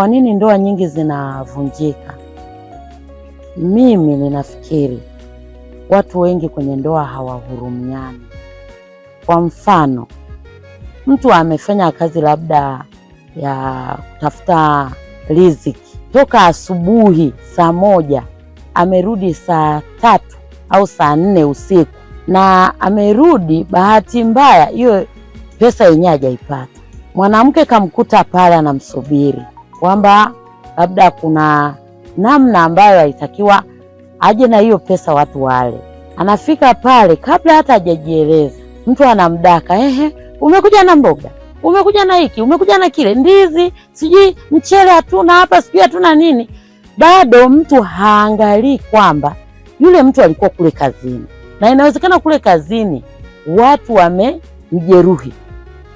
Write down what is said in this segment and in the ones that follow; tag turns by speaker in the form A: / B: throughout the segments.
A: Kwa nini ndoa nyingi zinavunjika? Mimi ninafikiri watu wengi kwenye ndoa hawahurumiani. Kwa mfano, mtu amefanya kazi labda ya kutafuta riziki toka asubuhi saa moja amerudi saa tatu au saa nne usiku, na amerudi bahati mbaya hiyo pesa yenyewe hajaipata, mwanamke kamkuta pale anamsubiri kwamba labda kuna namna ambayo haitakiwa aje na hiyo pesa watu wale. Anafika pale kabla hata hajajieleza, mtu anamdaka, ehe, umekuja na mboga, umekuja na hiki, umekuja na kile, ndizi, sijui mchele hatuna hapa, sijui hatuna nini. Bado mtu haangalii kwamba yule mtu alikuwa kule kazini, na inawezekana kule kazini watu wamemjeruhi,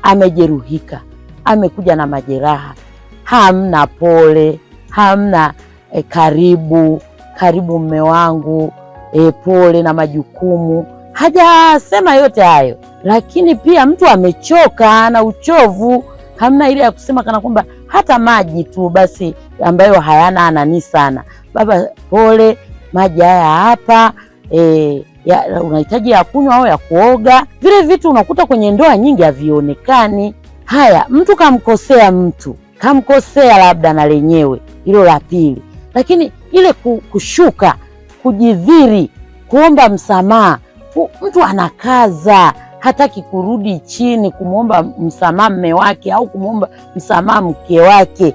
A: amejeruhika, amekuja na majeraha hamna pole, hamna e, karibu karibu mme wangu e, pole na majukumu. Hajasema yote hayo, lakini pia mtu amechoka na uchovu, hamna ile ya kusema kana kwamba hata maji tu basi ambayo hayana anani sana. Baba pole, maji haya hapa e, ya, unahitaji ya kunywa au ya kuoga. Vile vitu unakuta kwenye ndoa nyingi havionekani. Haya, mtu kamkosea mtu kamkosea labda na lenyewe, hilo la pili. Lakini ile kushuka, kujidhiri, kuomba msamaha, mtu anakaza hataki kurudi chini kumwomba msamaha mme wake au kumwomba msamaha mke wake.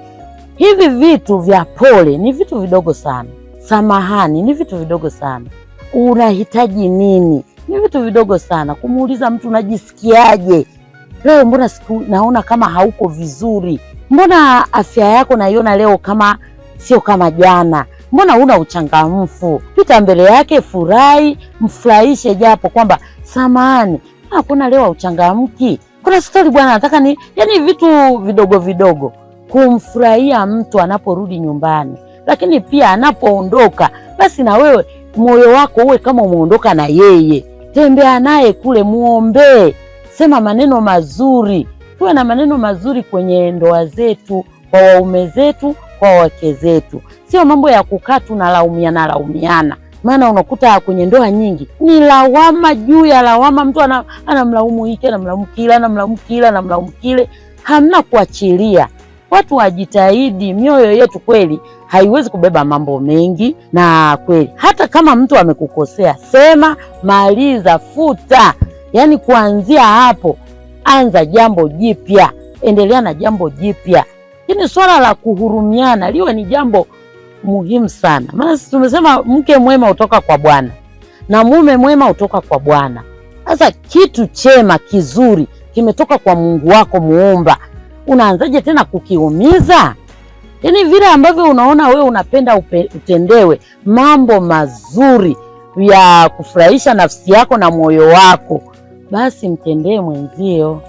A: Hivi vitu vya pole ni vitu vidogo sana, samahani ni vitu vidogo sana, unahitaji nini ni vitu vidogo sana. Kumuuliza mtu unajisikiaje leo, mbona siku naona kama hauko vizuri, mbona afya yako naiona leo kama sio kama jana, mbona una uchangamfu? Pita mbele yake, furahi, mfurahishe japo kwamba samani, hakuna leo uchangamki, kuna stori bwana. Nataka ni yani vitu vidogo vidogo kumfurahia mtu anaporudi nyumbani, lakini pia anapoondoka, basi na wewe moyo wako uwe kama umeondoka na yeye. Tembea naye kule, muombee, sema maneno mazuri tuwe na maneno mazuri kwenye ndoa zetu, kwa waume zetu, kwa wake zetu, sio mambo ya kukaa tunalaumiana laumiana laumiana. Maana unakuta kwenye ndoa nyingi ni lawama juu ya lawama, mtu anamlaumu hiki, anamlaumu kile, anamlaumu kile, anamlaumu kile, hamna kuachilia watu wajitahidi. Mioyo yetu kweli haiwezi kubeba mambo mengi, na kweli hata kama mtu amekukosea, sema, maliza, futa, yaani kuanzia hapo anza jambo jipya, endelea na jambo jipya. Lakini swala la kuhurumiana liwe ni jambo muhimu sana, maana tumesema mke mwema hutoka kwa Bwana na mume mwema hutoka kwa Bwana. Sasa kitu chema kizuri kimetoka kwa Mungu wako Muumba, unaanzaje tena kukiumiza? Yaani vile ambavyo unaona wewe unapenda upe, utendewe mambo mazuri ya kufurahisha nafsi yako na moyo wako, basi mtendee mwenzio